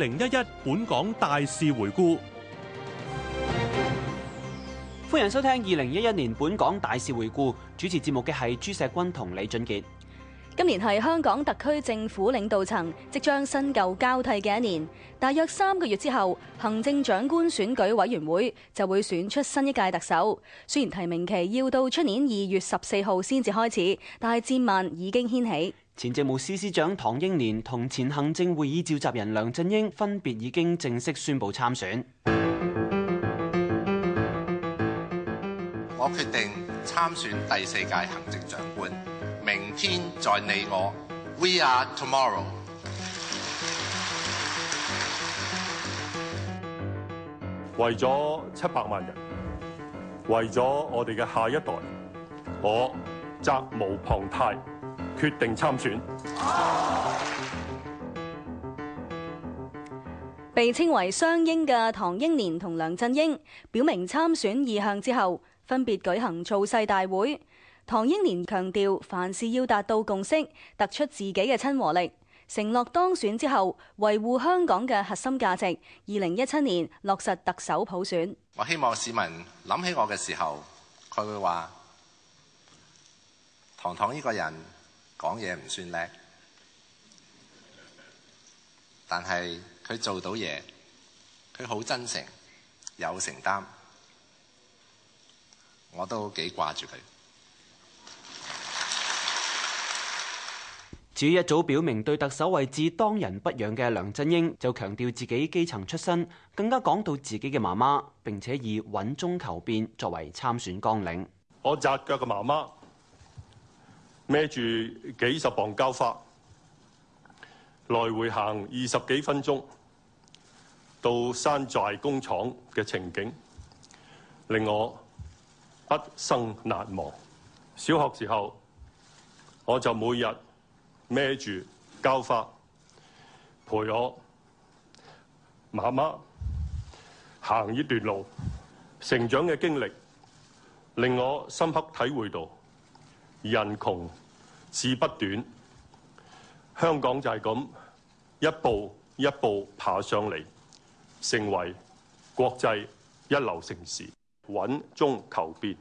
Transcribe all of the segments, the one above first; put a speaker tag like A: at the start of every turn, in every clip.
A: 零一一本港大事回顧。歡迎收聽二零一一年本港大事回顧。主持節目嘅係朱石君同李俊杰。
B: 今年係香港特區政府領導層即將新舊交替嘅一年。大約三個月之後，行政長官選舉委員會就會選出新一屆特首。雖然提名期要到出年二月十四號先至開始，但係戰幔已經掀起。
A: 前政務司司長唐英年同前行政會議召集人梁振英分別已經正式宣布參選。我決定參選第四屆行政長官，明天
C: 在你我，We are tomorrow。為咗七百萬人，
D: 為咗我哋嘅下一代，我責無旁貸。決定參選，
B: 被稱為雙英嘅唐英年同梁振英表明參選意向之後，分別舉行造勢大會。唐英年強調，凡事要達到共識，突出自己嘅親和力，承諾當選之後維護香港嘅核心價值。二零一七年落實特首普選。
C: 我希望市民諗起我嘅時候，佢會話：唐唐呢個人。講嘢唔算叻，但係佢做到嘢，佢好真誠，有承擔，我都幾掛住佢。
A: 至於一早表明對特首位置當仁不讓嘅梁振英，就強調自己基層出身，更加講到自己嘅媽媽，並且以穩中求變作為參選綱領。
D: 我紮腳嘅媽媽，孭住幾十磅膠花來回行二十幾分鐘到山寨工廠嘅情景，令我畢生難忘。小學時候，我就每日孭住膠花，陪我媽媽行一段路，成長嘅經歷令我深刻體會到。人窮志不短，香港就係咁一步一步爬上嚟，成為國際一流城市，穩中求變。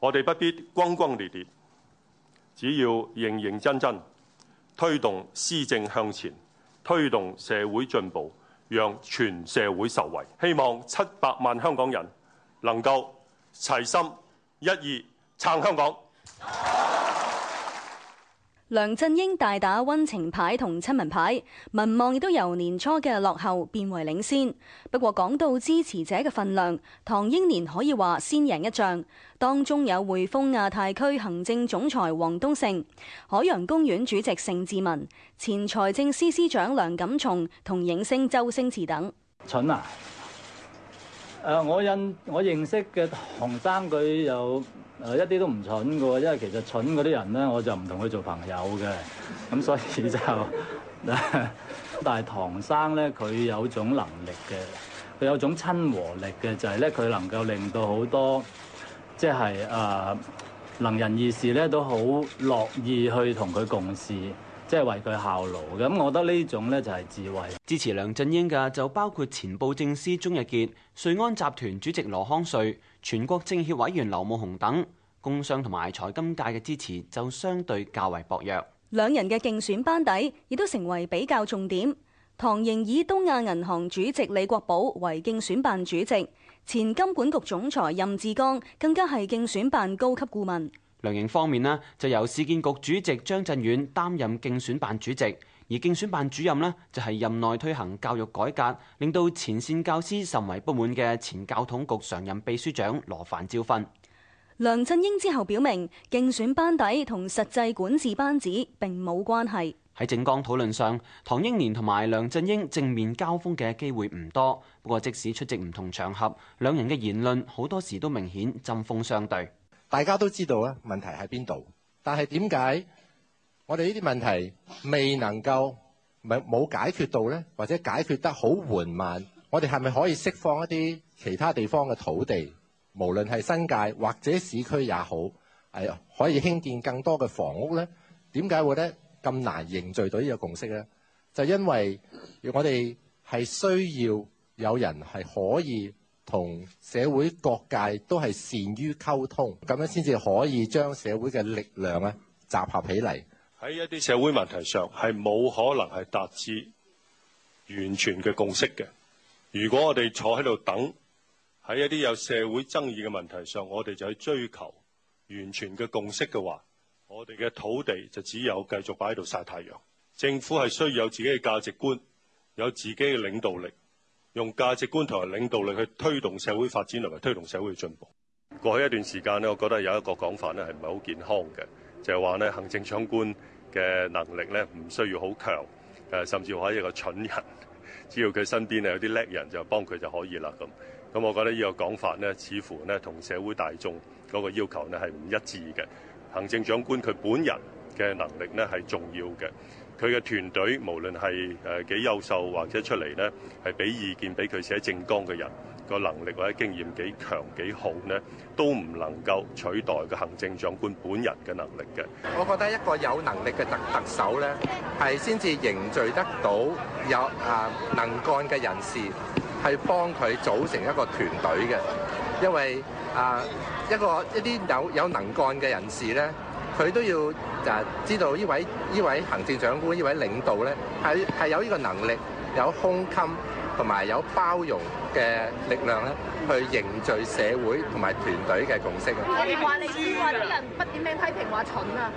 D: 我哋不必轟轟烈烈，只要認認真真推動施政向前，推動社會進步，讓全社會受惠。希望七百萬香港人能夠齊心一意撐香港。
B: 梁振英大打溫情牌同親民牌，民望亦都由年初嘅落後變為領先。不過講到支持者嘅份量，唐英年可以話先贏一仗。當中有匯豐亞太區行政總裁王冬勝、海洋公園主席盛智文、前財政司司長梁錦松同影星周星馳等。
E: 蠢啊！誒、呃，我印我認識嘅唐生佢有。誒一啲都唔蠢嘅，因為其實蠢嗰啲人咧，我就唔同佢做朋友嘅，咁所以就 但是，但係唐生咧，佢有種能力嘅，佢有種親和力嘅，就係咧，佢能夠令到好多，即係誒能人異士咧，都好樂意
A: 去同佢共事。即係為佢效勞咁，我覺得呢種呢，就係智慧。支持梁振英嘅就包括前布政司鍾逸傑、瑞安集團主席羅康瑞、全國政協委員劉夢熊等。工商同埋財金界嘅支持就相對較為薄弱。
B: 兩人嘅競選班底亦都成為比較重點。唐營以東亞銀行主席李國寶為競選辦主席，前金管局總裁任志剛更加係競選辦高級顧問。
A: 梁營方面呢，就由市建局主席張震遠擔任競選辦主席，而競選辦主任咧，就係任內推行教育改革，令到前線教師甚為不滿嘅前教統局常任秘書長羅范椒芬。
B: 梁振英之後表明，競選班底同實際管治班子並冇關係。
A: 喺政綱討論上，唐英年同埋梁振英正面交鋒嘅機會唔多，不過即使出席唔同場合，兩人嘅言論好多時都明顯針鋒相對。大家都知道啦，問題喺邊度？但係點解
C: 我哋呢啲問題未能夠唔係冇解決到咧，或者解決得好緩慢？我哋係咪可以釋放一啲其他地方嘅土地，無論係新界或者市區也好，係可以興建更多嘅房屋咧？點解會咧咁難凝聚到呢個共識咧？就因為我哋係需要有人係可以，同社會各界都係善於溝通，咁樣先至可以將社會嘅力量咧集合起嚟。
D: 喺一啲社會問題上，係冇可能係達至完全嘅共識嘅。如果我哋坐喺度等，喺一啲有社會爭議嘅問題上，我哋就去追求完全嘅共識嘅話，我哋嘅土地就只有繼續擺喺度曬太陽。政府係需要有自己嘅價值觀，有自己嘅領導力。用價值觀同埋領導力去推動社會發展，同埋推動社會嘅進步。過去一段時間咧，我覺得有一個講法咧係唔係好健康嘅，就係話咧行政長官嘅能力咧唔需要好強，誒甚至話一個蠢人，只要佢身邊有啲叻人就幫佢就可以啦咁。咁我覺得呢個講法咧似乎咧同社會大眾嗰個要求咧係唔一致嘅。行政長官佢本人嘅能力咧係重要嘅。佢嘅團隊無論係誒幾優秀或者出嚟咧，係俾意見俾佢寫政綱嘅人個能力或者經驗幾強幾好咧，都唔能夠取代個行政長官本人嘅能力嘅。
C: 我覺得一個有能力嘅特特首咧，係先至凝聚得到有啊能幹嘅人士，係幫佢組成一個團隊嘅。因為啊一個一啲有有能幹嘅人士咧，佢都要。就係知道呢位呢位行政長官呢位領導咧，係係有呢個能力、有胸襟同埋有包容嘅力量咧，去凝聚社會同埋團隊嘅共識。我哋話你知，話啲
B: 人不點名批評話蠢啊！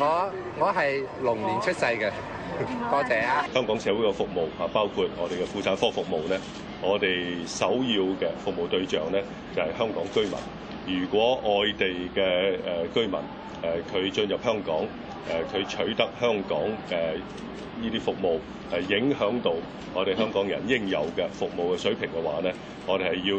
B: 我
C: 我係龍年出世嘅，
B: 多謝
C: 啊！香港社會嘅服務啊，包括
D: 我哋嘅婦產科服務咧，我哋首要嘅服務對象咧就係香港居民。如果外地嘅誒居民，誒佢、啊、進入香港，誒、啊、佢取得香港誒呢啲服務，誒影響到我哋香港人應有嘅服務嘅水平嘅話咧，我哋係要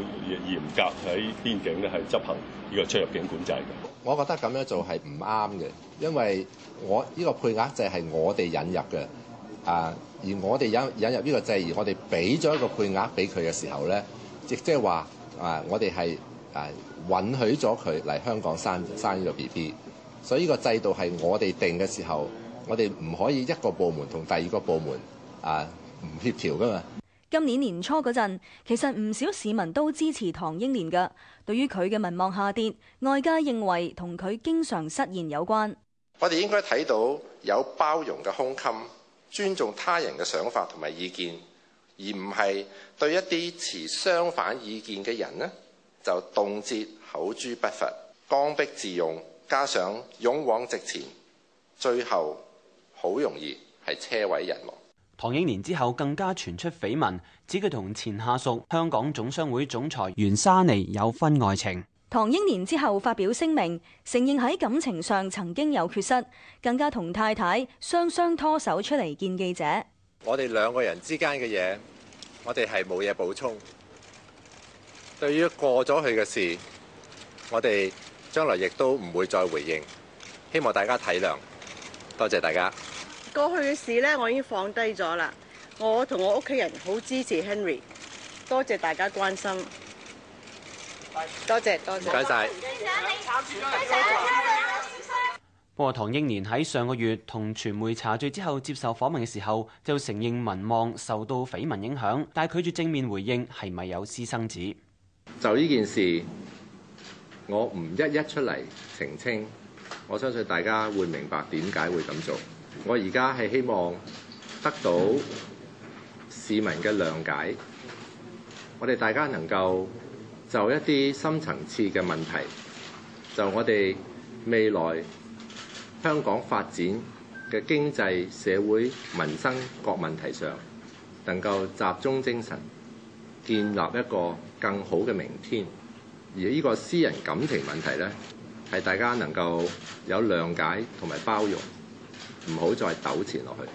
D: 嚴格喺邊境咧，係執行呢個出入境管制嘅。
C: 我覺得咁樣做係唔啱嘅，因為我呢、呢個配額制係我哋引入嘅啊，而我哋引引入呢個制，而我哋俾咗一個配額俾佢嘅時候咧，即即係話啊，我哋係啊允許咗佢嚟香港生生呢個 B B。所以呢個制度係我哋定嘅時候，我哋唔可以一個部門同第二個部門啊唔協調噶嘛。
B: 今年年初嗰陣，其實唔少市民都支持唐英年嘅。對於佢嘅民望下跌，外界認為同佢經常失言有關。
C: 我哋應該睇到有包容嘅胸襟，尊重他人嘅想法同埋意見，而唔係對一啲持相反意見嘅人呢，就動輒口誅筆伐，剛愎自用。加上勇往直前，最後好容易係車毀人亡。
A: 唐英年之後更加傳出緋聞，指佢同前下屬香港總商會總裁袁莎妮有婚外情。
B: 唐英年之後發表聲明，承認喺感情上曾經有缺失，更加同太太雙雙拖手出嚟見記者。
C: 我哋兩個人之間嘅嘢，我哋係冇嘢補充。對於過咗去嘅事，我哋。將來亦都唔會再回應，希望大家體諒。多謝大家。
A: 過去嘅事呢，我已經放低咗啦。我同我屋企
F: 人
C: 好支持 Henry。多謝大家關心。多謝，多謝。唔該曬。不
A: 過，唐英年喺上個月同傳媒查罪之後接受訪問嘅時候，就承認民望受到緋聞影響，但係拒絕正面回應係咪有私生子。
C: 就呢件事。我唔一一出嚟澄清，我相信大家會明白點解會咁做。我而家係希望得到市民嘅諒解，我哋大家能夠就一啲深層次嘅問題，就我哋未來香港發展嘅經濟社會民生各問題上，能夠集中精神，建立一個更好嘅明天。而呢個私人感情問題咧，係大家能夠有諒解同埋包容，唔好再糾纏落去。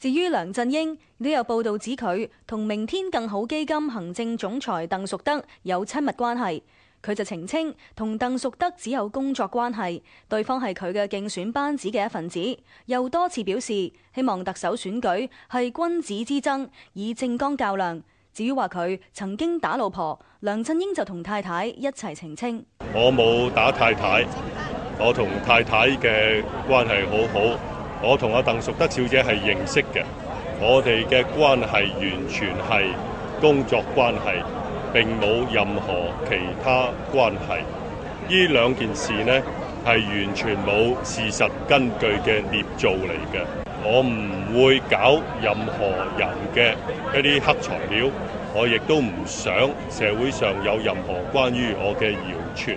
B: 至於梁振英，都有報道指佢同明天更好基金行政總裁鄧淑德有親密關係，佢就澄清同鄧淑德只有工作關係，對方係佢嘅競選班子嘅一份子。又多次表示希望特首選舉係君子之爭，以政綱較量。至於話佢曾經打老婆，梁振英就同太太一齊澄清：
D: 我冇打太太，我同太太嘅關係好好，我同阿鄧淑德小姐係認識嘅，我哋嘅關係完全係工作關係，並冇任何其他關係。呢兩件事呢，係完全冇事實根據嘅捏造嚟嘅。我唔會搞任何人嘅一啲黑材料，我亦都唔想社會上有任何關於我嘅謠傳，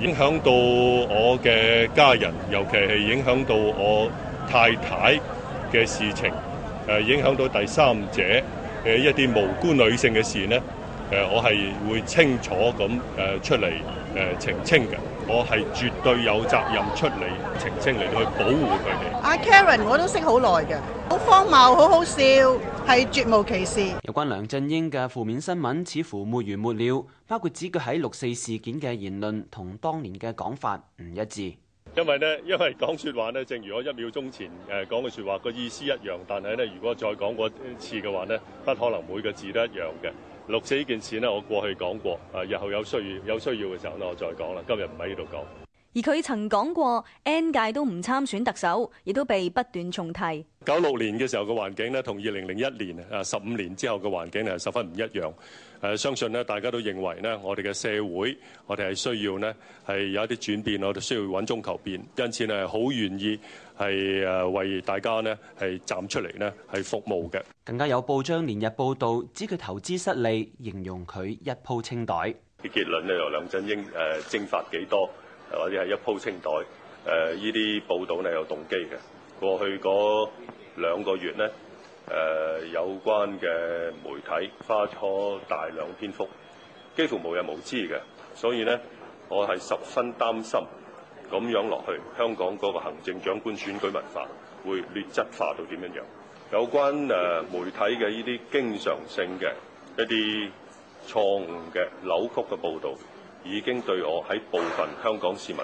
D: 影響到我嘅家人，尤其係影響到我太太嘅事情，誒影響到第三者一啲無辜女性嘅事呢，誒我係會清楚咁誒出嚟誒澄清嘅。我係絕對有責任出嚟澄清嚟到去保護佢哋。阿 Karen，我都識好耐嘅，好荒謬，好好笑，係絕無其事。
A: 有關梁振英嘅負面新聞，似乎沒完沒了，包括指佢喺六四事件嘅言論同當年嘅講法唔一致。
D: 因為呢，因為講説話呢，正如我一秒鐘前誒講嘅説話個意思一樣，但係呢，如果再講過一次嘅話呢，不可能每個字都一樣嘅。六四呢件事咧，我過去講過，啊，日後有需要有需要嘅時候咧，我再講啦。今日唔喺呢度講。
B: 而佢曾講過，N 屆都唔參選特首，亦都被不斷重提。
D: 九六年嘅時候嘅環境咧，同二零零一年啊，十五年之後嘅環境係十分唔一樣。誒，相信咧，大家都認為咧，我哋嘅社會，我哋係需要咧係有一啲轉變，我哋需要穩中求變，因此係好願意。係誒為大家咧係站出嚟咧係服務嘅。
A: 更加有報章連日報導指佢投資失利，形容佢一鋪清袋。
D: 啲結論咧由梁振英誒蒸發幾多，或者係一鋪清袋誒呢啲報導咧有動機嘅。過去嗰兩個月咧誒有關嘅媒體花咗大量篇幅，幾乎無日無之嘅，所以咧我係十分擔心。咁樣落去，香港嗰個行政長官選舉文化會劣質化到點樣？有關媒體嘅呢啲經常性嘅一啲錯誤嘅扭曲嘅報導，已經對我喺部分香港市民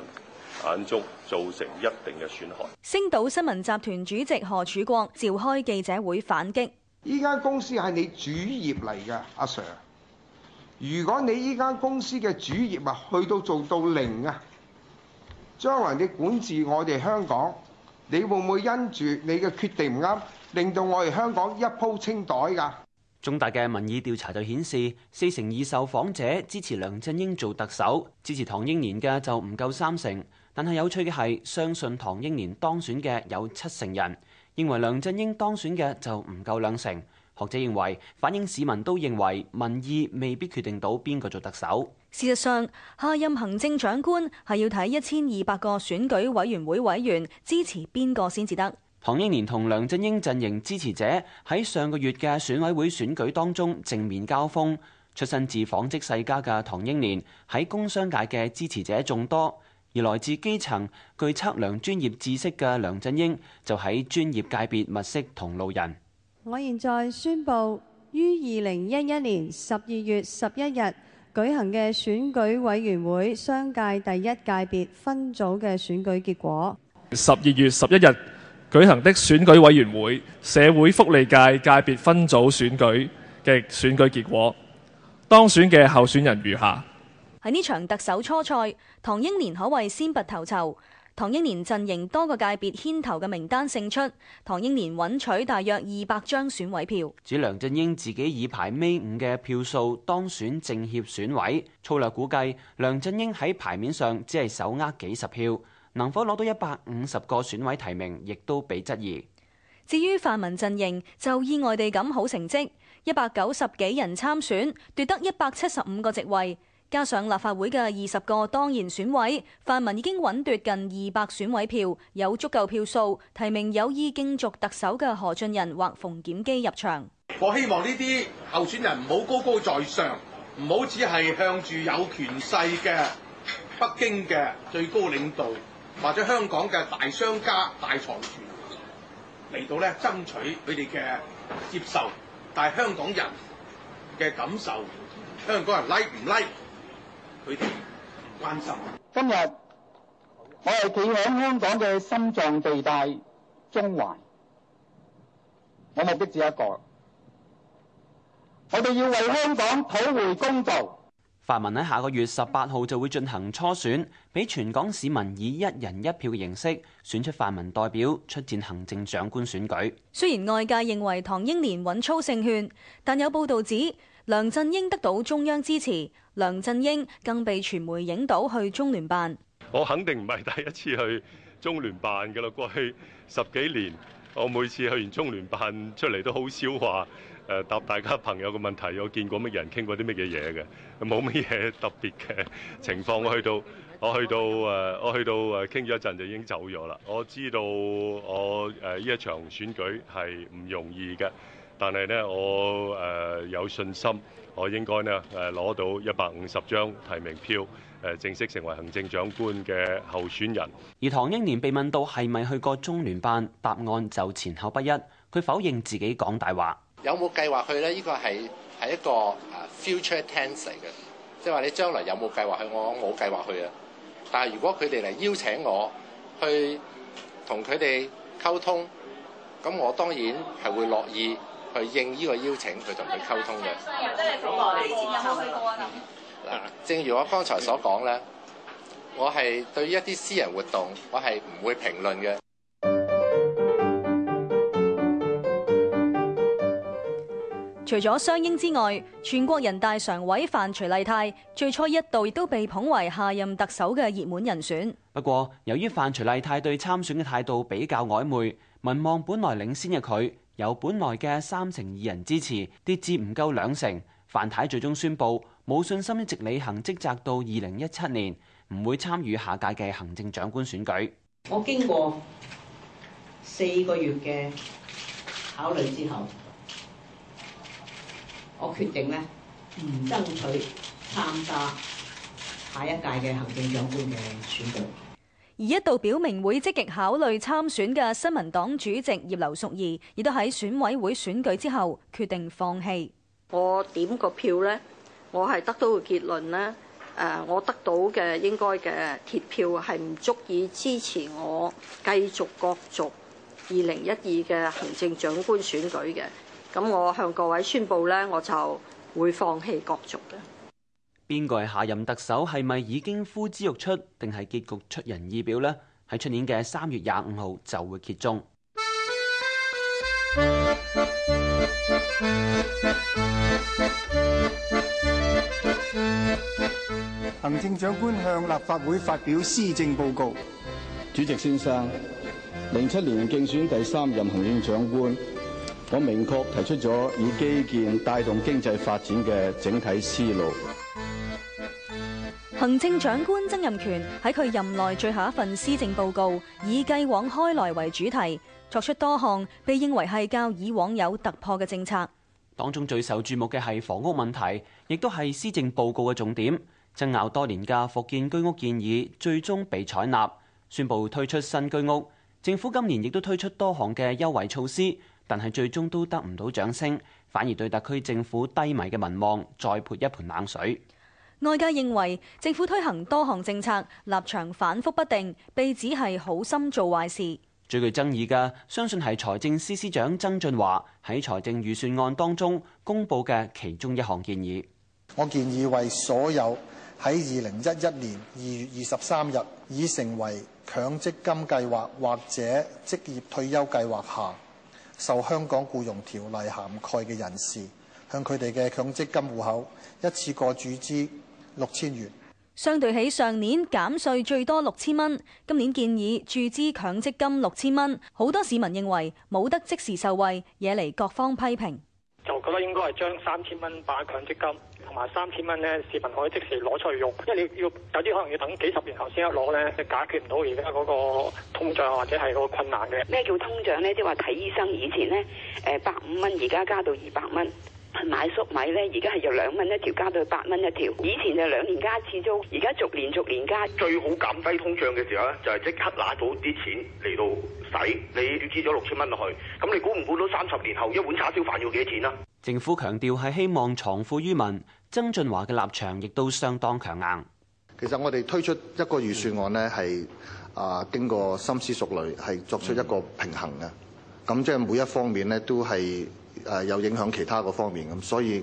D: 眼中造成一定嘅損害。
B: 星島新聞集團主席何柱國召開記者會反擊：依間公司係你
F: 主業嚟㗎，阿 Sir。如果你依間公司嘅主業啊，去到做到零啊！將來你管治我哋香港，你會唔會因住你嘅決定唔啱，令到我哋香港一鋪清袋㗎？
A: 中大嘅民意調查就顯示，四成二受訪者支持梁振英做特首，支持唐英年嘅就唔夠三成。但係有趣嘅係，相信唐英年當選嘅有七成人，認為梁振英當選嘅就唔夠兩成。學者認為，反映市民都認為民意未必決定到邊個做特首。
B: 事實上，下任行政長官係要睇一千二百個選舉委員會委員支持邊個先至得。
A: 唐英年同梁振英陣營支持者喺上個月嘅選委會選舉當中正面交鋒。出身自紡織世家嘅唐英年喺工商界嘅支持者眾多，而來自基層具測量專業知識嘅梁振英就喺專業界別物色同路人。
B: 我現在宣布於二零一一年十二月十一日舉行嘅選舉委員會商界第一界別分組嘅選舉結果。
D: 十二月十一日舉行的選舉委員會社會福利界界別分組選舉嘅選舉結果，當選嘅候選人如下。
B: 喺呢場特首初賽，唐英年可謂先拔頭籌。唐英年陣營多個界別牽頭嘅名單勝出，唐英年穩取大約二百張選委票。
A: 指梁振英自己以排尾五嘅票數當選政協選委，粗略估計梁振英喺牌面上只係手握幾十票，能否攞到一百五十個選委提名，亦都被質疑。
B: 至於泛民陣營就意外地咁好成績，一百九十幾人參選，奪得一百七十五個席位。加上立法會嘅二十個當然選委，泛民已經穩奪近二百選委票，有足夠票數提名有意競逐特首嘅何俊仁或馮檢基入場。
F: 我希望呢啲候選人唔好高高在上，唔好只係向住有權勢嘅北京嘅最高領導，或者香港嘅大商家大財團嚟到咧，爭取佢哋嘅接受，但係香港人嘅感受，香港人 like 唔 like？佢哋唔關心。今日我係企喺香港嘅心臟地帶中環，我目的只有一個，我哋要為香港討回公道。
A: 泛民喺下個月十八號就會進行初選，俾全港市民以一人一票嘅形式選出泛民代表出戰行政長官選舉。
B: 雖然外界認為唐英年穩操勝券，但有報導指，梁振英得到中央支持，梁振英更被傳媒影到去中聯辦。
D: 我肯定唔係第一次去中聯辦噶啦，過去十幾年，我每次去完中聯辦出嚟，都好少話誒答大家朋友嘅問題。我見過乜人，傾過啲乜嘢嘢嘅，冇乜嘢特別嘅情況。我去到，我去到誒，我去到誒，傾咗一陣就已經走咗啦。我知道我誒呢一場選舉係唔容易嘅。但係咧，我有信心，我應該咧攞到一百五十張提名票，
A: 正式成為行政長官嘅候選人。而唐英年被問到係咪去過中聯辦，答案就前後不一。佢否認自己講大話，
C: 有冇計劃去呢？呢、呢個係係一個 future tense 嚟嘅，即係話你將來有冇計劃去？我冇計劃去啊。但係如果佢哋嚟邀請我去同佢哋溝通，咁我當然係會樂意。去應呢個邀請，去同佢溝通嘅。
B: 嗱，
C: 正如我剛才所講咧，我係對於一啲私人活動，我係唔會評論嘅。
B: 除咗雙英之外，全國人大常委范徐麗泰最初一度亦都被捧為下任特首嘅熱門人選。
A: 不過，由於范徐麗泰對參選嘅態度比較曖昧，民望本來領先嘅佢，由本來嘅三成二人支持，跌至唔夠兩成，范太最終宣布冇信心一直履行職責到二零一七年，唔會參與下屆嘅行政長官選舉。
B: 我經過
C: 四個月嘅考慮之後，我決定呢唔爭取參加下一屆
B: 嘅行政長官嘅選舉。而一度表明會積極考慮參選嘅新民黨主席葉劉淑儀，亦都喺選委會選舉之後決定放棄。我點個票咧，我係得到個結論咧，誒，我得到嘅應該嘅鐵票係唔足以支持我繼續角逐二零一二嘅行政長官選舉嘅。咁我向各位宣布咧，我就會放棄角逐嘅。
A: 邊個係下任特首？係咪已經呼之欲出？定係結局出人意表呢？喺出年嘅三月廿五號就會揭盅。
E: 行政長官向立法會發表施政報告。主席先生，零七年競選第三任行政長官，我明確提出咗以基建帶動經濟發展嘅整體思路。
B: 行政長官曾蔭權喺佢任內最後一份施政報告，以繼往開來為主題，作出多項被認為係較以往有突破嘅政策。
A: 當中最受注目嘅係房屋問題，亦都係施政報告嘅重點。爭拗多年嘅福建居屋建議最終被採納，宣佈推出新居屋。政府今年亦都推出多項嘅優惠措施，但係最終都得唔到掌聲，反而對特區政府低迷嘅民望再潑一盆冷水。
B: 外界認為政府推行多項政策，立場反覆不定，被指係好心做壞事。
A: 最具爭議嘅，相信係財政司司長曾俊華喺財政預算案當中公布嘅其中一項建議。
G: 我建議為所有喺二零一一年二月二十三日已成為強積金計劃或者職業退休計劃下受香港僱傭條例涵蓋嘅人士，向佢哋嘅強積金戶口一次過注資。六千元，
B: 相對起上年減稅最多六千蚊，今年建議注資強積金六千蚊，好多市民認為冇得即時受惠，惹嚟各方批評。
F: 就覺得應該係將三千蚊擺喺強積金，同埋三千蚊呢，市民可以即時攞出去用，因為你要要有啲可能要等幾十年後先一攞呢，就解決唔到而家嗰個通脹或者係嗰個困難嘅。
B: 咩叫通脹呢？即係話睇醫生，以前呢，誒百五蚊，而家加到二百蚊。買買粟米咧，而家係由兩蚊一條加到去八蚊一條。以前就兩年加一次租，而家
A: 逐年
F: 逐年加。最好減低通脹嘅時候咧，就係即刻拿到啲錢嚟到使。你預支咗六千蚊落去，咁你估唔估到三十年後一碗叉燒飯要幾錢啊？
A: 政府強調係希望藏富於民，曾俊華嘅立場亦都相當強硬。其實我
G: 哋推出一個預算案呢，係啊經過深思熟慮，係作出一個平衡嘅。咁即係每一方面呢都係。誒有影響其他個方面咁，所以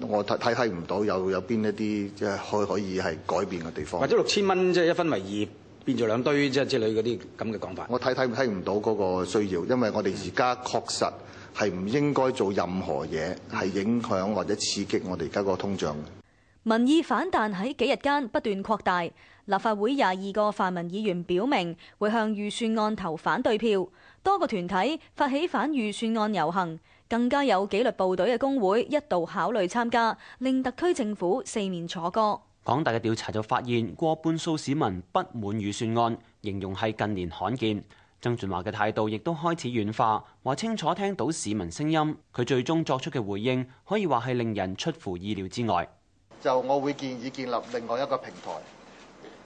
G: 我睇睇睇唔到有有邊一啲即係可可以係改變嘅地方。或者六千蚊即係一分為二變咗兩堆，即係之類嗰啲咁嘅講法。我睇睇睇唔到嗰個需要，因為我哋而家確實係唔應該做任何嘢係影響或者刺激我哋而家個通脹。
B: 民意反彈喺幾日間不斷擴大，立法會廿二個泛民議員表明會向預算案投反對票，多個團體發起反預算案遊行。更加有紀律部隊嘅工會一度考慮參加，令特區政府四面楚歌。
A: 港大嘅調查就發現過半數市民不滿預算案，形容係近年罕見。曾俊華嘅態度亦都開始軟化，話清楚聽到市民聲音。佢最終作出嘅回應，可以話係令人出乎意料之外。
G: 就我會建議建立另外一個平台，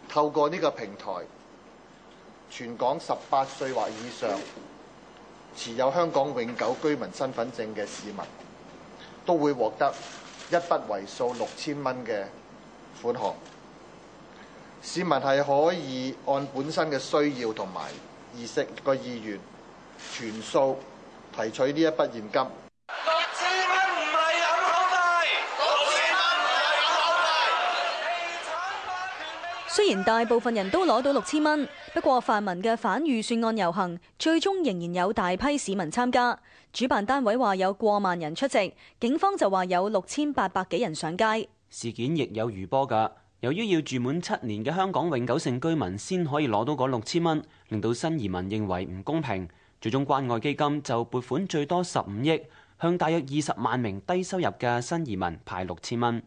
G: 透過呢個平台，全港十八歲或以上，持有香港永久居民身份證嘅市民，都會獲得一筆為數六千蚊嘅款項，市民係可以按本身嘅需要同埋意識個意願全數提取呢一筆現金。
B: 雖然大部分人都攞到六千蚊，不過泛民嘅反預算案遊行最終仍然有大批市民參加。主辦單位話有過萬人出席，警方就話有六千八百幾人上街。
A: 事件亦有餘波㗎，由於要住滿七年嘅香港永久性居民先可以攞到嗰六千蚊，令到新移民認為唔公平，最終關愛基金就撥款最多十五億，向大約二十萬名低收入嘅新移民派六千蚊。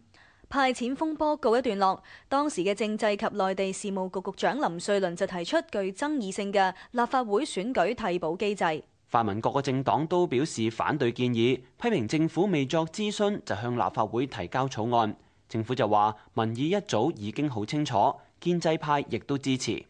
B: 派錢風波告一段落，當時嘅政制及內地事務局局長林瑞麟就提出具爭議性嘅立法會選舉替補機制。
A: 泛民各個政黨都表示反對建議，批評政府未作諮詢就向立法會提交草案。政府就話民意一早已經好清楚，建制派亦都支持。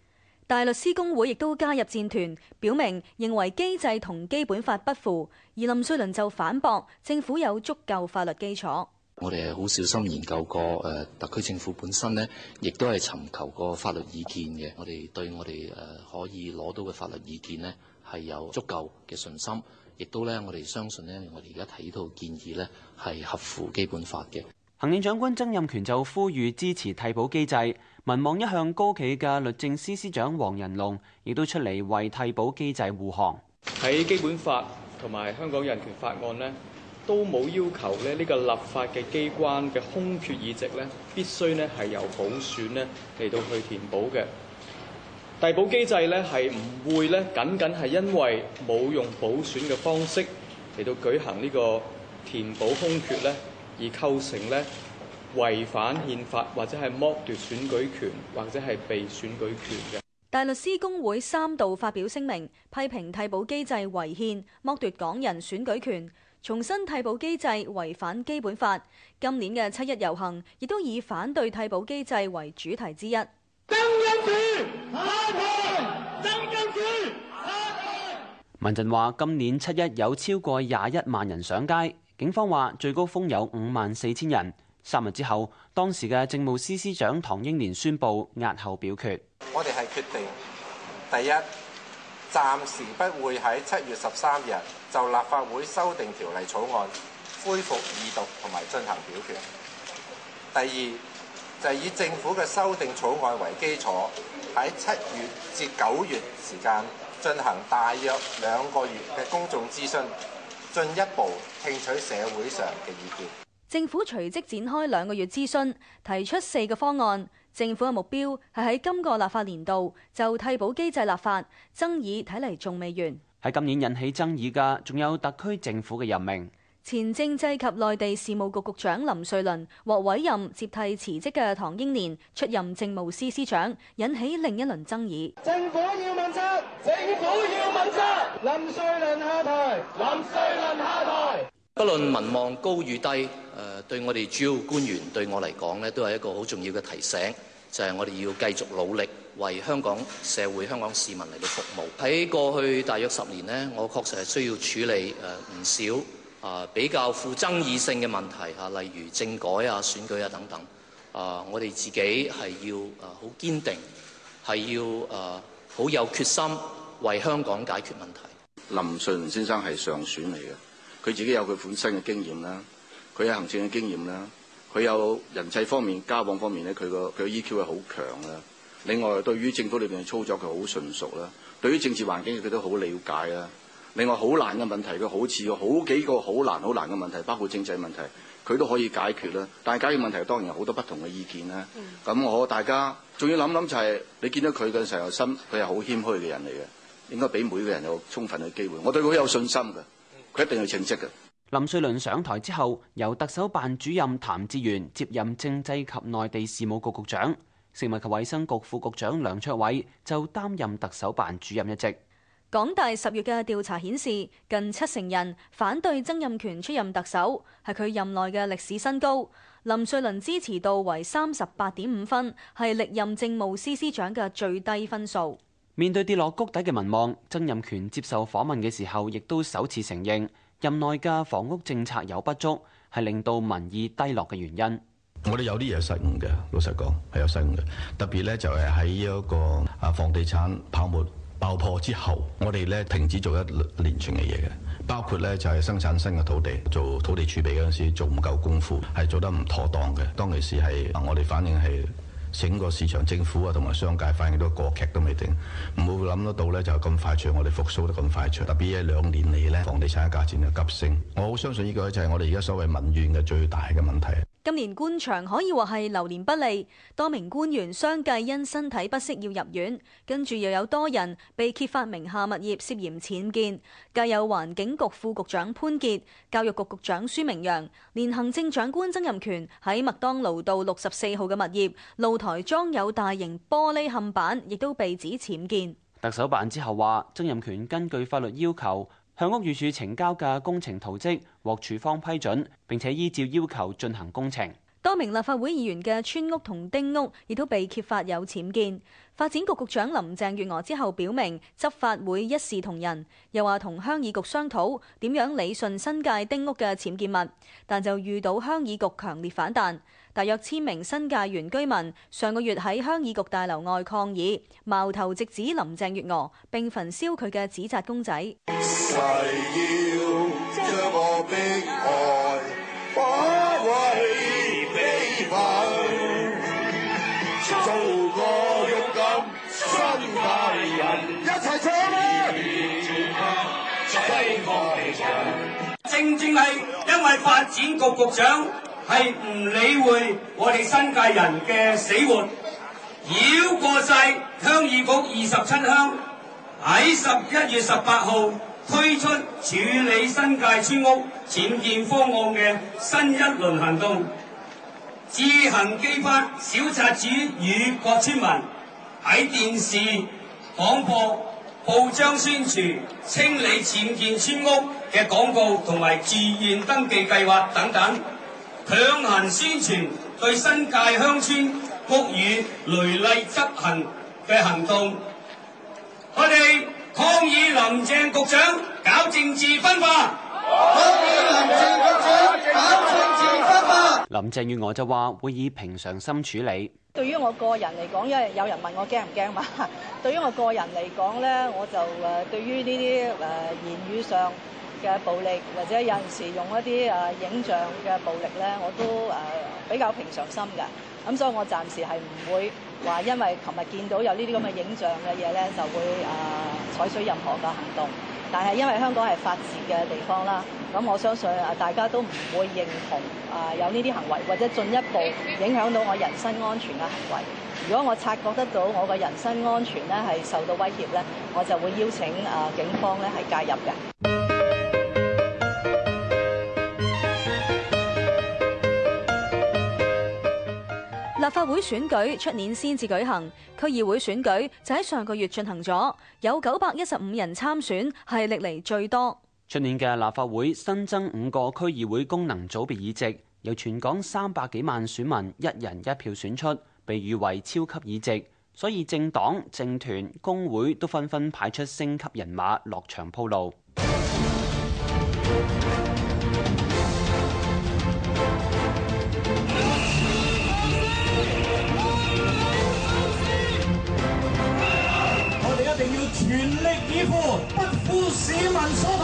B: 大律師公會亦都加入戰團，表明認為機制同基本法不符，而林瑞麟就反駁政府有足夠法律基礎。
C: 我哋好小心研究過，誒、呃，特區政府本身咧，亦都係尋求過法律意見嘅。我哋對我哋誒、呃、可以攞到嘅法律意見咧，係有足夠嘅信心，亦都咧，我哋相信咧，我哋而家睇到呢套建議咧，係合乎基本法嘅。
A: 行政長官曾蔭權就呼籲支持替補機制，民望一向高企嘅律政司司長黃仁龍，亦都出嚟為替補機制護航。
E: 喺基本法同埋香港人權法案咧。都冇要求咧，呢個立法嘅機關嘅空缺議席咧，必須咧係由補選咧嚟到去填補嘅。替補機制咧係唔會咧，僅僅係因為冇用補選嘅方式嚟到舉行呢個填補空缺咧，而構成咧違反憲法或者係剝奪選舉權或者係被選舉權嘅。
B: 大律師公會三度發表聲明，批評替補機制違憲，剝奪港人選舉權。重新替補機制違反基本法，今年嘅七一遊行亦都以反對替補機制為主題之一。
A: 民陣話今年七一有超過廿一萬人上街，警方話最高峰有五萬四千人。三日之後，當時嘅政務司司長唐英年宣佈押後表決。
C: 我哋係決定第一。暫時不會喺七月十三日就立法會修訂條例草案恢復二讀同埋進行表決。第二就係以政府嘅修訂草案為基礎，喺七月至九月時間進行大約兩個月嘅公眾諮詢，進一步聽取社會上嘅意見。
B: 政府隨即展開兩個月諮詢，提出四個方案。政府嘅目標係喺今個立法年度就替補機制立法。爭議睇嚟仲未完
A: 喺今年引起爭議嘅，仲有特區政府嘅任命，
B: 前政制及內地事務局局長林瑞麟獲委任接替辭職嘅唐英年出任政務司司長，引起另一輪爭議政。政府
F: 要問責，政府要問責！林瑞麟下台，林瑞麟下台！
B: 不論民望高與低，
C: 誒對我哋主要官員對我嚟講呢都係一個好重要嘅提醒，就係、是、我哋要繼續努力為香港社會、香港市民嚟到服務。喺過去大約十年呢，我確實係需要處理唔少啊比較富爭議性嘅問題，例如政改啊、選舉啊等等。啊，我哋自己係要好
E: 堅定，係要好有決心為香港解決問題。林順賢先生係上選嚟嘅。佢自己有佢本身嘅經驗啦，佢有行政嘅經驗啦，佢有人際方面、交往方面咧，佢個佢 EQ 係好強啦。另外，對於政府裏邊嘅操作，佢好純熟啦。對於政治環境，佢都好了解啦。另外，好難嘅問題，佢好似有好幾個好難好難嘅問題，包括政制問題，佢都可以解決啦。但係解決問題當然有好多不同嘅意見啦。咁、嗯、我大家仲要諗諗就係，你見到佢嘅時候，心，佢係好謙虛嘅人嚟嘅，應該俾每個人有充分嘅機會。我對佢好有信心㗎。一定係稱職
A: 嘅。林瑞麟上台之後，由特首辦主任譚志源接任政制及內地事務局局長，食物及衛生局副，副局長梁卓偉就擔任特首辦主任一職。
B: 港大十月嘅調查顯示，近七成人反對曾蔭權出任特首，係佢任內嘅歷史新高。林瑞麟支持度為三十八點五分，係歷任政務司司長嘅最低分數。
A: 面對跌落谷底嘅民望，曾蔭權接受訪問嘅時候，亦都首次承認任內嘅房屋政策有不足，係令到民意低落嘅原因。我哋有啲嘢失誤嘅，老實講係有失誤嘅。特別咧
E: 就係喺呢一個啊房地產泡沫爆破之後，我哋咧停止做一連串嘅嘢嘅，包括咧就係生產新嘅土地，做土地儲備嗰陣時做唔夠功夫，係做得唔妥當嘅。當其時係我哋反應係。整個市場、政府啊，同埋商界，反應都過劇都未定，唔會諗得到咧就係咁快脆。我哋復甦得咁快脆，特別喺兩年嚟咧，房地產價錢就急升，我好相信呢個咧就係我哋而家所謂民怨嘅最
B: 大嘅問題。今年官場可以話係流年不利，多名官員相繼因身體不適要入院，跟住又有多人被揭發名下物業涉嫌僭建，既有環境局副局長潘潔、教育局局長孫明揚，連行政長官曾蔭權喺麥當勞道六十四號嘅物業露台裝有大型玻璃嵌板，亦都被指僭建。
A: 特首辦之後話，曾蔭權根據法律要求，向屋宇署呈交嘅工程圖則獲署方批准，並且依照要
B: 求進行工程。多名立法會議員嘅村屋同丁屋亦都被揭發有僭建。發展局局長林鄭月娥之後表明，執法會一視同仁，又話同鄉議局商討點樣理順新界丁屋嘅僭建物，但就遇到鄉議局強烈反彈。大約千名新界原居民上個月喺鄉議局大樓外抗議，矛頭直指林鄭月娥，並焚燒佢嘅紙紮公仔。
D: 誓要將我迫害化為悲憤，做個勇敢新界人，一齊唱，
F: 一正正係因為發展局局長
A: 係唔理會我哋新界人嘅死活，繞過曬鄉議局二十七鄉，喺十一月十八號推出處理新界村屋僭建方案嘅新一輪行動，自行揭發小冊子與各村民喺電視、廣播、報章宣傳清
F: 理僭建村屋嘅廣告同埋自願登記計劃等等。
A: 強行宣傳對新界鄉村屋宇雷厲執行嘅行動，我哋抗議林鄭局長搞政治分化，
B: 抗議林鄭局長搞政治分化。
A: 林鄭月娥就話會以平常心處理。
B: 對於我個人嚟講，因為有人問我驚唔驚嘛，對於我個人嚟講咧，我就誒對於呢啲誒言語上，嘅暴力，或者有陣時用一啲誒影像嘅暴力咧，我都誒比較平常心嘅。咁所以我暫時係唔會話，因為琴日見到有呢啲咁嘅影像嘅嘢咧，就會誒採取任何嘅行動。但係因為香港係法治嘅地方啦，咁我相信誒大家都唔會認同誒有呢啲行為，或者進一步影響到我人身安全嘅行為。如果我察覺得到我嘅人身安全咧係受到威脅咧，我就會邀請誒警方咧係介入嘅。立法會選舉出年先至舉行，區議會選舉就喺上個月進行咗，有九百一十五人參選，係歷嚟最多。
A: 出年嘅立法會新增五個區議會功能組別議席，由全港三百幾萬選民一人一票選出，被譽為超級議席，所以政黨、政團、工會都紛紛派出升級人馬落場鋪路。
B: 不負市民所託。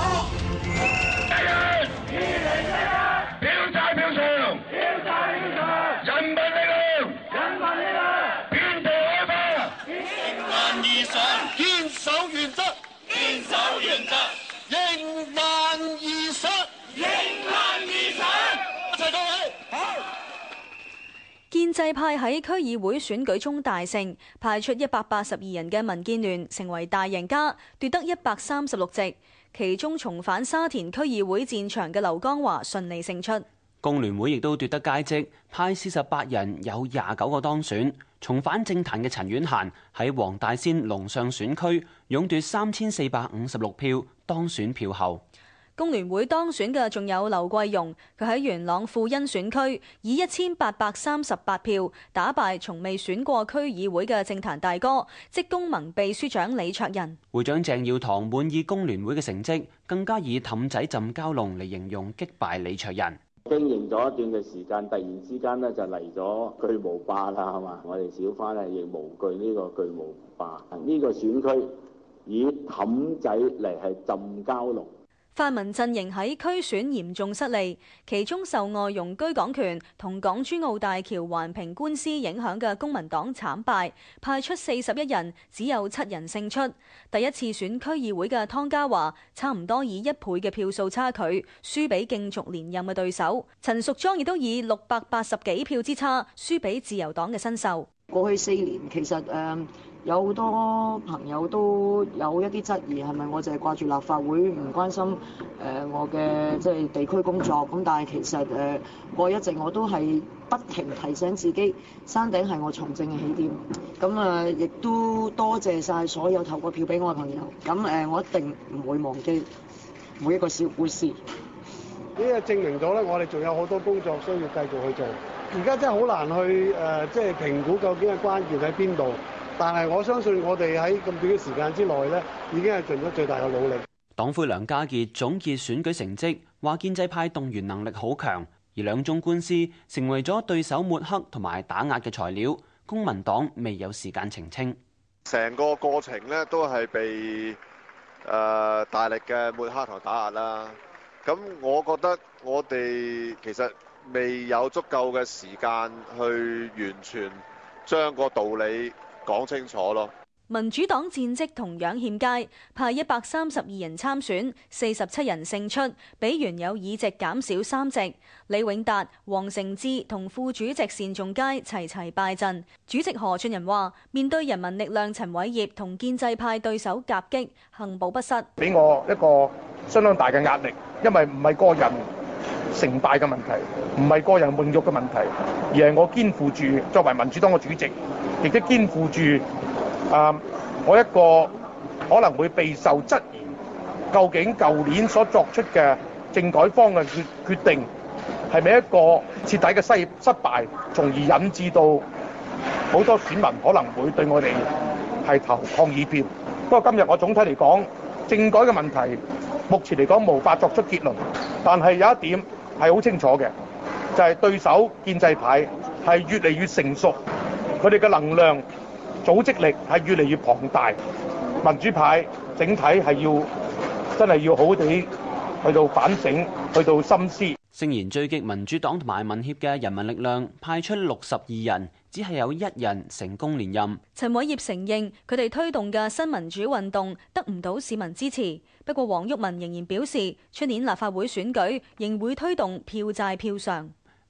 B: 制派喺區議會選舉中大勝，派出一百八十二人嘅民建聯成為大贏家，奪得一百三十六席。其中重返沙田區議會戰場嘅劉江華順利勝出。
A: 工聯會亦都奪得佳績，派四十八人有廿九個當選。重返政壇嘅陳婉嫻喺黃大仙龍上選區勇奪三千四百五十六票，當選票后。
B: 工聯會當選嘅仲有劉桂容，佢喺元朗富恩選區以一千八百三十八票打敗從未選過區議會嘅政壇大哥職工盟秘書長李卓人。
A: 會長鄭耀棠滿意工聯會嘅成績，更加以氹仔浸蛟龍嚟形容擊敗李卓人。
B: 經營咗一段
E: 嘅時間，突然之間呢就嚟咗巨無霸啦，係嘛？我哋小花呢亦無懼呢個巨無霸。呢、呢個選區以氹仔嚟係浸蛟龍。
B: 泛民陣營喺區選嚴重失利，其中受外傭居港權同港珠澳大橋環評官司影響嘅公民黨慘敗，派出四十一人，只有七人勝出。第一次選區議會嘅湯家驊，差唔多以一倍嘅票數差距輸畀競逐連任嘅對手。陳淑莊亦都以六百八十幾票之差輸畀自由黨嘅新秀。過去四年其實誒有好多朋友都有一啲質疑，係咪我淨係掛住立法會，唔關心誒、呃、我嘅即係地區工作？咁但係其實誒過一陣，我一直我都係不停提醒自己，山頂係我從政嘅起點。咁啊，亦、呃、都多謝晒所有投過票俾我嘅朋友。咁誒、呃，我一定唔會忘記
A: 每一個小故事。
F: 呢個證明咗咧，我哋仲有好多工作需要繼續去做。而家真係好難去誒，即、呃、係、就是、評估究竟嘅關鍵喺邊度。但係，我相信我哋喺咁短嘅時間之內呢，已經係盡咗最大嘅努力。
A: 黨魁梁家傑總結選舉成績，話建制派動員能力好強，而兩宗官司成為咗對手抹黑同埋打壓嘅材料。公民黨未有時間澄清，
G: 成個過程呢都係被誒大力嘅抹黑同打壓啦。咁我覺得我哋其實未有足夠嘅時間去完全將個道理。講清楚咯！
B: 民主黨戰績同樣欠佳，派一百三十二人參選，四十七人勝出，比原有議席減少三席。李永達、黃成智同副主席單仲偕齊齊敗陣。主席何俊仁話：面對人民力量陳偉業同建制派對手夾擊，幸保不失，
F: 俾我一個相當大嘅壓力，因為唔係個人成敗嘅問題，唔係個人滿足嘅問題，而係我肩負住作為民主黨嘅主席。亦都肩負住啊！我一個可能會備受質疑，究竟舊年所作出嘅政改方嘅決決定係咪一個徹底嘅失失敗，從而引致到好多選民可能會對我哋係投抗議票。不過今日我總體嚟講，政改嘅問題目前嚟講無法作出結論，但係有一點係好清楚嘅，就係對手建制派係越嚟越成熟。佢哋嘅能量、組織力係越嚟越龐大，民主派整體係要真係要好哋
A: 去到反省、去到深思。聲言追擊民主黨同埋民協嘅人民力量派出六十二人，只係有一人成功連任。
B: 陳偉業承認佢哋推動嘅新民主運動得唔到市民支持，不過黃毓民仍然表示，出年立法會選舉仍會推動票債票償。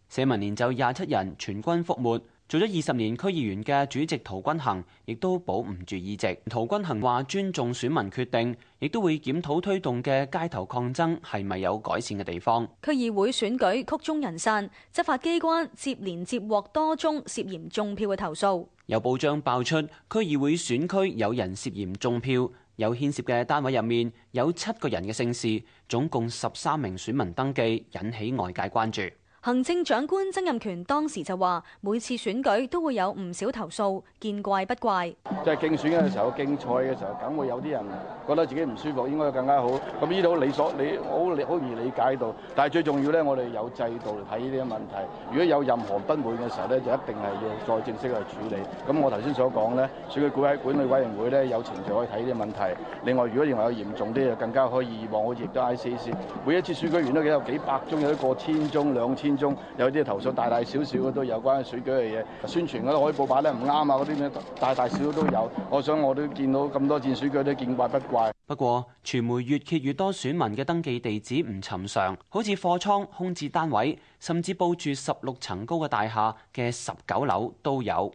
A: 社民連就廿七人全軍覆沒。做咗二十年區議員嘅主席陶君行，亦都保唔住議席。陶君行話尊重選民決定，亦都會檢討推動嘅街頭抗爭係咪有改善嘅地方。
B: 區議會選舉曲終人散，執法機關接連接獲多宗涉嫌中票嘅投訴。
A: 有報章爆出區議會選區有人涉嫌中票，有牽涉嘅單位入面有七個人嘅姓氏，總共十三名選民登記，引起外界關注。
B: 行政長官曾蔭權當時就話，每次選舉都會有唔少投訴，見怪不怪。即係
E: 競選嘅時候，競賽嘅時候，梗會有啲人覺得自己唔舒服，應該更加好。咁呢度理所你好好容易理解到。但係最重要咧，我哋有制度嚟睇呢啲問題。如果有任何不滿嘅時候咧，就一定係要再正式去處理。咁我頭先所講咧，選舉管理管理委員會咧有程序可以睇呢啲問題。另外，如果認為有嚴重啲，就更加可以往我哋都 I C C。每一次選舉完都幾有幾百宗，有一過千宗、兩千。中有啲投訴，大大小小都有關選舉嘅嘢，宣傳嗰啲海報擺得唔啱啊，嗰啲咩大大小小都有。我想我都見到咁多件選舉都見怪不怪。
A: 不過，傳媒越揭越多選民嘅登記地址唔尋常，好似貨倉、空置單位，甚至報住十六層高嘅大廈嘅十九樓都有。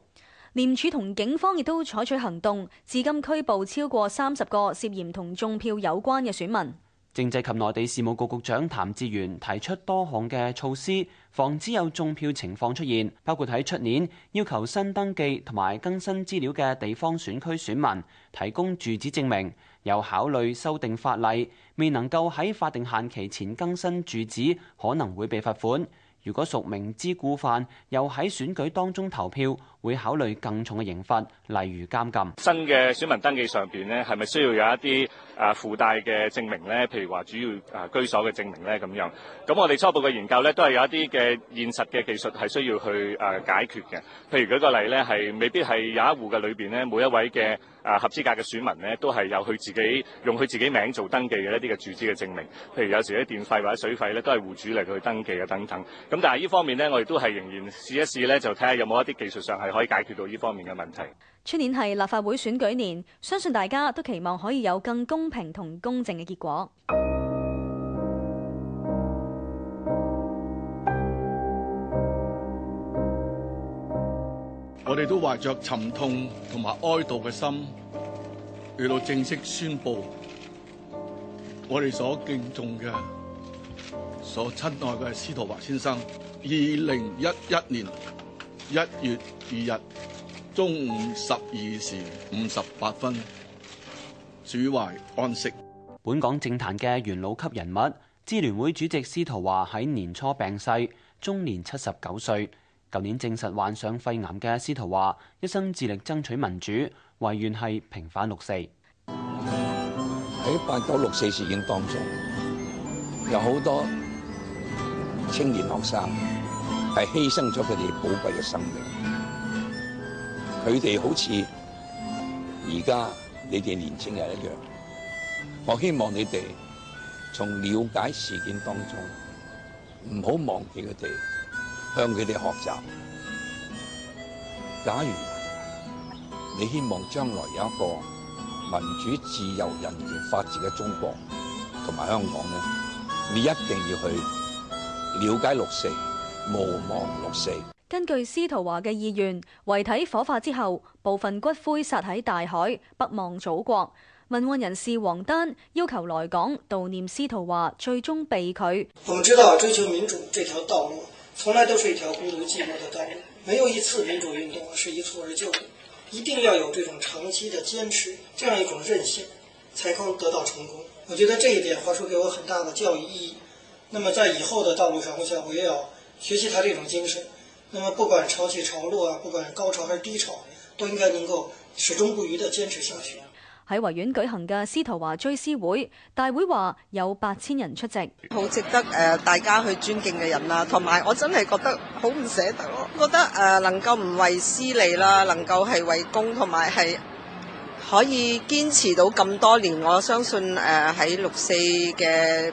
B: 廉署同警方亦都採取行動，至今拘捕超過三十個涉嫌同種票有關嘅選民。
A: 政制及內地事務局局長譚志源提出多項嘅措施，防止有種票情況出現，包括喺出年要求新登記同埋更新資料嘅地方選區選民提供住址證明，又考慮修訂法例，未能夠喺法定限期前更新住址可能會被罰款，如果屬明知故犯，又喺選舉當中投票。會考慮更重嘅刑法，例如監禁。
D: 新嘅選民登記上邊呢，係咪需要有一啲誒附帶嘅證明呢？譬如話主要誒居所嘅證明呢？咁樣。咁我哋初步嘅研究呢，都係有一啲嘅現實嘅技術係需要去誒解決嘅。譬如舉個例呢，係未必係有一戶嘅裏邊呢，每一位嘅誒合資格嘅選民呢，都係有佢自己用佢自己名做登記嘅一啲嘅住址嘅證明。譬如有時啲電費或者水費呢，都係戶主嚟去登記呀等等。咁但係呢方面呢，我哋都係仍然試一試呢，就睇下有冇一啲技術上係。可以解決到呢方面嘅問題。
B: 出年係立法會選舉年，相信大家都期望可以有更公平同公正嘅結果。
E: 我哋都懷着沉痛同埋哀悼嘅心，去到正式宣布，我哋所敬重嘅、所親愛嘅司徒華先生，二零一一年。一月二日中午十二時
A: 五十八分，主懷安息。本港政壇嘅元老級人物，支聯會主席司徒華喺年初病逝，終年七十九歲。舊年證實患上肺癌嘅司徒華，一生致力爭取民主，遺願係平反六四。喺八九六四事件當中，有好多青年學生，
F: 係犧牲咗佢哋寶貴嘅生命，佢哋好似而家你哋年青人一樣。我希望你哋從了解事件當中，唔好忘記佢哋，向佢哋學習。假如你希望將來有一個民主、自由、人權、法治嘅中國同埋香港咧，你一定要去了解六四。毋忘六四。
B: 根據司徒華嘅意願，遺體火化之後，部分骨灰撒喺大海，不忘祖國。問案人士王丹要求來港悼念司徒華，最終被拒。我們知道追
G: 求民主這條道路，從來都是一條孤獨寂寞的道路，沒有一次民主運動是一蹴而就的，一定要有這種長期的堅持，這樣一種韌性，才可以得到成功。我覺得這一點，華叔給我很大的教育意義。那麼在以後的道路上，我想我也要。學習他這種精神，那麼不管潮起潮落啊，不管高潮還是低潮，都應該能夠始
A: 終不渝地堅持下去。
B: 喺維園舉行嘅司徒華追思會，大會話有八千人出席，好值得誒大家去尊敬嘅人啦。同埋，我真係覺得好唔捨得咯，覺得誒能夠唔為私利啦，能夠係為公，同埋係
D: 可以堅持到咁多年，我相信誒喺六四
B: 嘅。